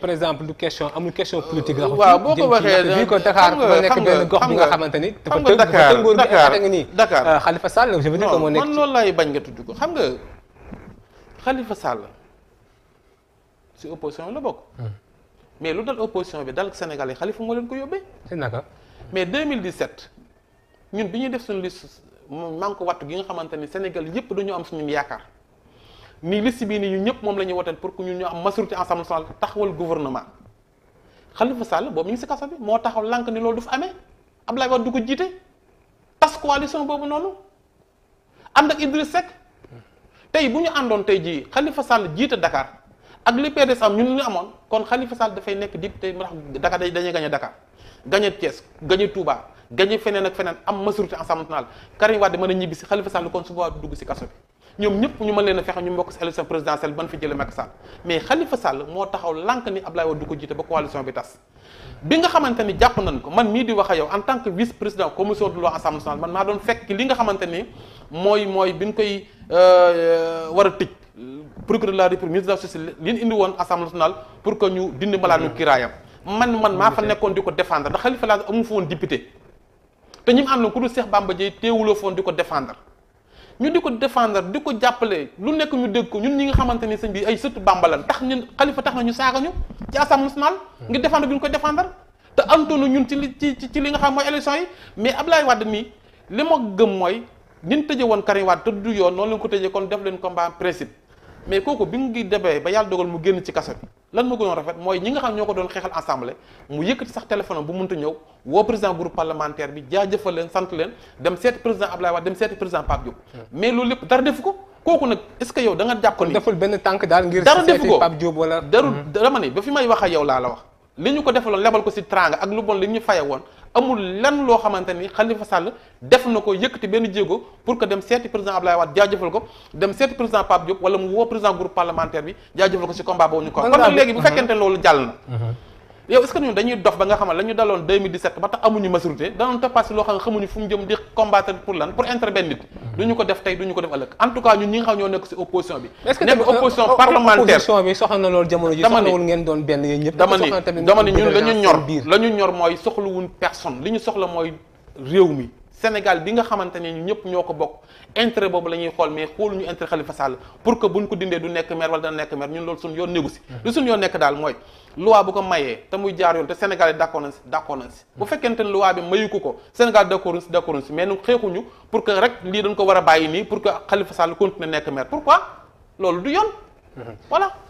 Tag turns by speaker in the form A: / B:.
A: par exemple du question amul question politique. Euh, waaw boo ko waxee jëm euh, ko Dakar dafa nekk benn gox bi nga xamante ni. xam nga Dakar Dakar Dakar
B: euh, nekk la bokk. Hmm. mais lu dal opposition bi dal Sénégal yi Khalifa moo leen ko yóbbee. c'est naka mais 2017 ñun bi ñuy def suñu liste manque wattu gi nga xamante ni Sénégal yëpp dañoo am suñu yaakaar. nii liste bii nii ñu ñëpp moom la ñuy woteel pour que ñun ñu am majorité ensemble national taxawal gouvernement Khalifa Sall boobu mi ngi si kaso moo taxaw lànk ni loolu du fa amee Abdoulaye Wade du ko jiite tas boobu noonu ànd ak Idriss Seck tey bu ñu àndoon tey jii Khalifa Sall jiite dakaar ak li PDS am ñun ñu amoon kon Khalifa Sall dafay nekk député ndax Dakar dañuy gagné Dakar gagné Thiès gagné Touba gagné feneen ak feneen am majorité ensemble national Karim Wade mën a ñibbi si Khalifa Sall kon su boobaa dugg si kaso bi. ñoom ñëpp ñu ma leen fexe ñu mbokk si élection présidentielle ban fi jële Macky Sall mais Khalifa Sall moo taxaw lànk ni Ablaye Wade du ko jiite ba coalition bi tas bi nga xamante ni jàpp nañ ko man mii di wax ak yow en tant que vice président commission de loi assemblée nationale man maa doon fekk li nga xamante mooy mooy bi ñu koy euh, war a tëj procureur de la république ministre de la justice li indi woon assemblée nationale pour que ñu dindi malaanu mm-hmm. kiraayam man maa fa mm-hmm. nekkoon di ko défendre ndax Khalifa Sall amu fa woon député te ñi mu ànd ku dul Cheikh Bamba Dièye di ko défendre ñu di ko défendre di ko jàppale lu nekk ñu dégg ko ñun ñi nga xamante ni sëñ bi ay sëtu bàmbalan tax ñun xalifa tax na ñu saaga ñu ci assemblée nationale ngir défendre bi ñu ko défendre te antoonu ñun ci li ci ci li nga xam mooy élection yi mais Abdoulaye Wade mii li ma gëm mooy nin tëje woon Karim Wade te du yoon noonu leen ko tëjee kon def leen ko combat principe mais kooku bi ngi debee ba yàlla dogal mu génn ci kaso bi lan moo gënoon rafet mooy ñi nga xam ñoo ko doon xeexal assemblée mu yëkkati sax téléphone bu mënta ñëw woo président groupe parlementaire bi jaajëfal leen sant leen dem seeti président Abdoulaye Wade dem seeti président Pape Diop. Hmm. mais loolu lépp dara defu ko kooku nag est-ce que yow da nga jàpp ko ni deful benn tànk daal ngir dara defu ko Pape Diop wala. darul hmm. dama ba fi may wax yow laa la wax. li ñu ko defaloon lebal ko si tranga ak lu bon li ñu faye woon amul lenn loo xamante ni Khalifa Sall def na ko yëkkati benn jéego pour que dem seeti président Ablaye Wade jaajëfal ko dem seeti président Pape Diop wala mu woo président groupe parlementaire bi jàll na mhm. yow est-ce que ñun dañuy dox ba nga xamal la ñu daloon 2017 ba tax amuñu maturité danoon toppaasi loo xam ne xamuñu fu jëm di combattre pour lan pour intérêt benn nit duñu ko def tey duñu ko def ëllëg
A: en benn yéen dama ni ñun la ñor
B: la ñu ñor mooy soxlawuñ personne li ñu soxla mooy réew mi Sénégal bi nga xamante ne ñu ñëpp ñoo ko bokk intérêt boobu la ñuy xool mais xooluñu intérêt Khalifa Sall pour que buñ ko dindee du nekk maire wala dana nekk maire ñun loolu suñu yoon négocie lu suñu yoon nekk daal mooy loi bu ko mayee te muy jaar yoon te Sénégal yi d'accord si d'accord nañ si bu fekkente ne loi bi mayu ko ko Sénégal d'accord nañ si d'accord nañ si mais nu xeexuñu pour que rek lii dañ ko war a bàyyi nii pour que Khalifa Sall continue nekk maire pourquoi loolu du yoon voilà